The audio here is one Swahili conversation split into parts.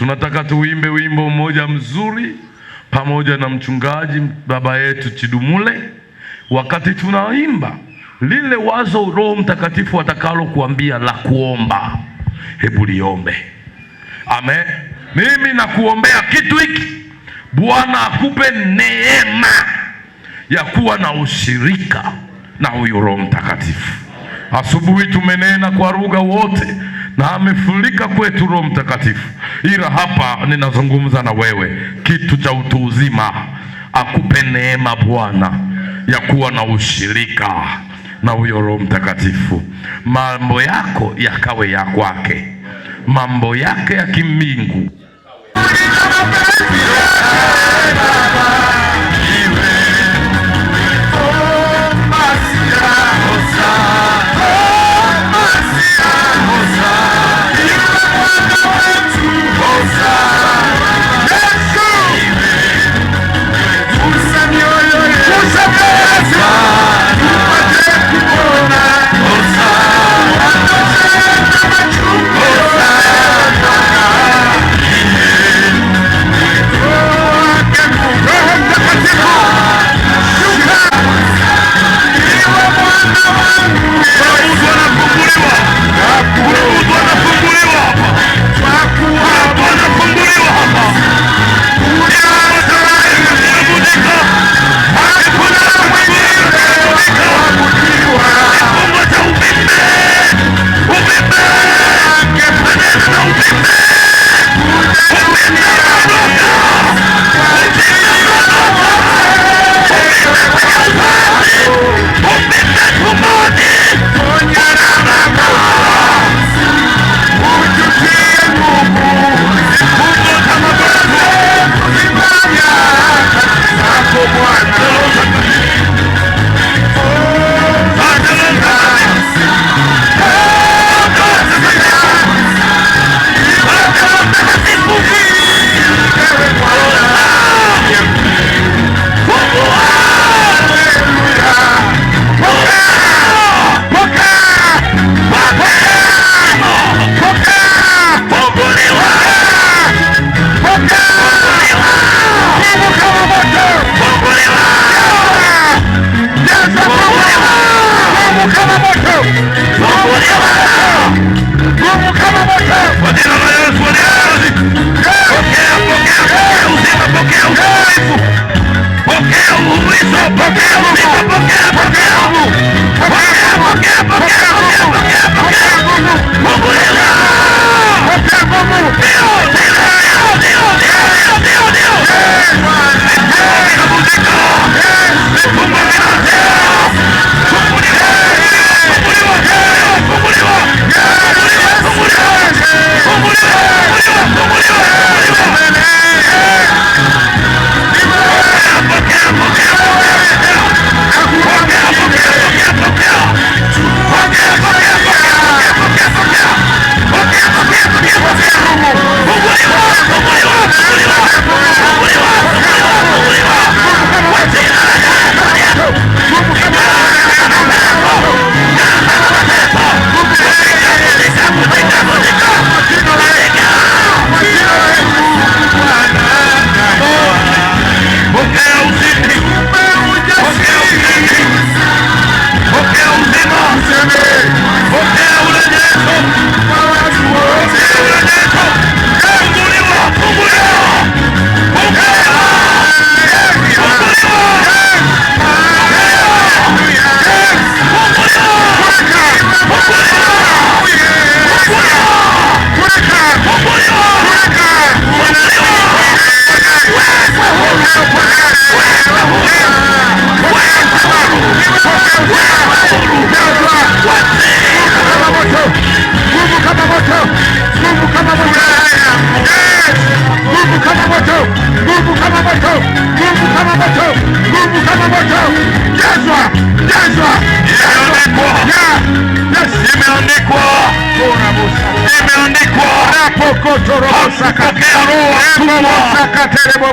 Tunataka tuimbe wimbo mmoja mzuri pamoja na mchungaji baba yetu Chidumule. Wakati tunaimba lile wazo Roho Mtakatifu atakalo kuambia la kuomba, hebu liombe. Amen. Mimi nakuombea kitu hiki, Bwana akupe neema ya kuwa na ushirika na huyu Roho Mtakatifu. Asubuhi tumenena kwa lugha wote na amefurika kwetu Roho Mtakatifu, ila hapa ninazungumza na wewe kitu cha utu uzima, akupe neema Bwana ya kuwa na ushirika na huyo Roho Mtakatifu, mambo yako yakawe ya kwake, mambo yake ya kimbingu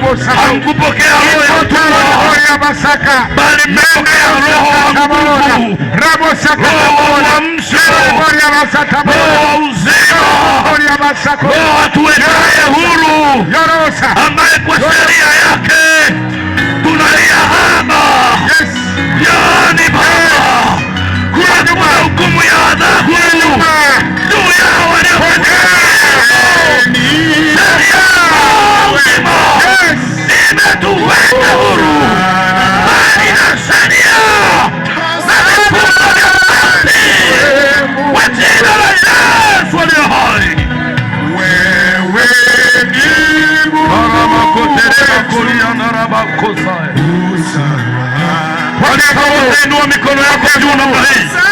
Hamkupokea roho ya utumwa, bali mmepokea roho wa nguvu, roho wa uamsho, roho wa uzima, roho atuwekaye huru, ambaye kwa sheria yake tunayahama. Yaani Baba, kuna hukumu ya adhabu weka huru bali mikono yako juu namna hii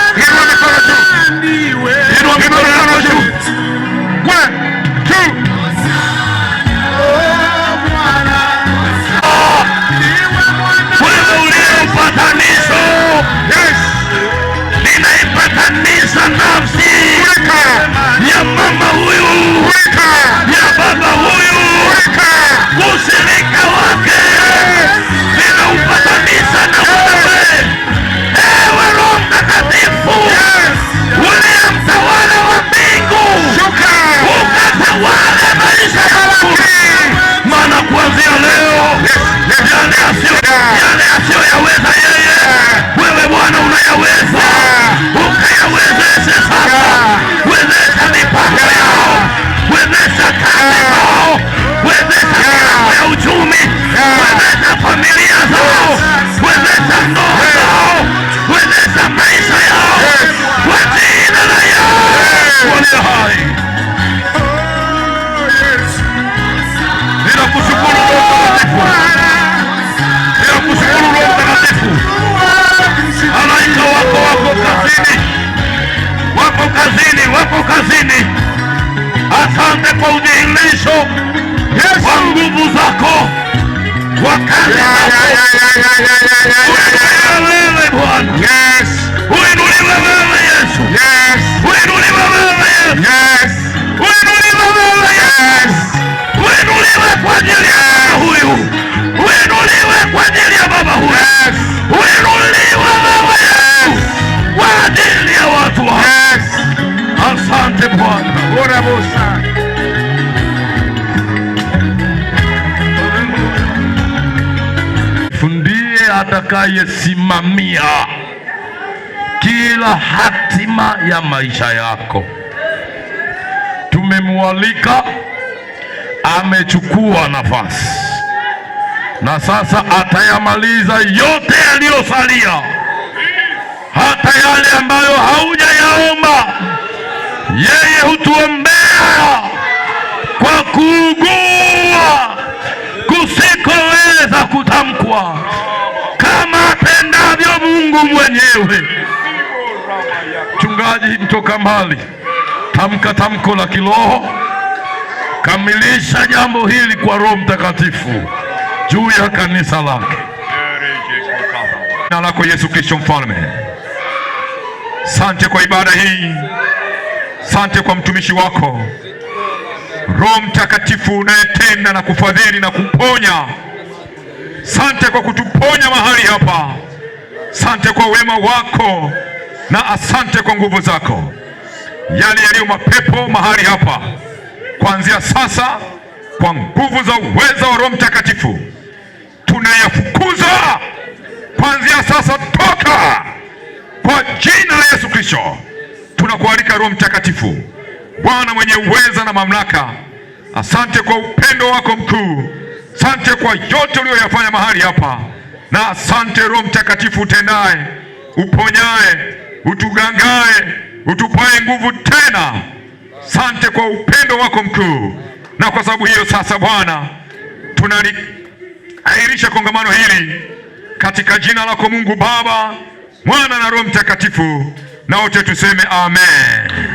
atakayesimamia kila hatima ya maisha yako. Tumemwalika, amechukua nafasi na sasa atayamaliza yote yaliyosalia, hata yale ambayo haujayaomba. Yeye hutuombea kwa kuugua kusikoweza kutamkwa. Mungu mwenyewe. Mchungaji mtoka mbali, tamka tamko la kiroho, kamilisha jambo hili kwa Roho Mtakatifu juu ya kanisa lake na lako Yesu Kristo Mfalme. Sante kwa ibada hii, sante kwa mtumishi wako Roho Mtakatifu unayetenda na kufadhili na kuponya. Sante kwa kutuponya mahali hapa. Asante kwa wema wako na asante kwa nguvu zako. Yale yaliyo mapepo mahali hapa, kuanzia sasa, kwa nguvu za uweza wa Roho Mtakatifu tunayafukuza kuanzia sasa, toka kwa jina la Yesu Kristo. Tunakualika Roho Mtakatifu, Bwana mwenye uweza na mamlaka. Asante kwa upendo wako mkuu, asante kwa yote uliyoyafanya mahali hapa na asante Roho Mtakatifu utendaye, uponyaye, utugangaye, utupae nguvu tena. Sante kwa upendo wako mkuu, na kwa sababu hiyo sasa Bwana tunaliahirisha kongamano hili katika jina lako Mungu Baba, Mwana na Roho Mtakatifu, na wote tuseme amen.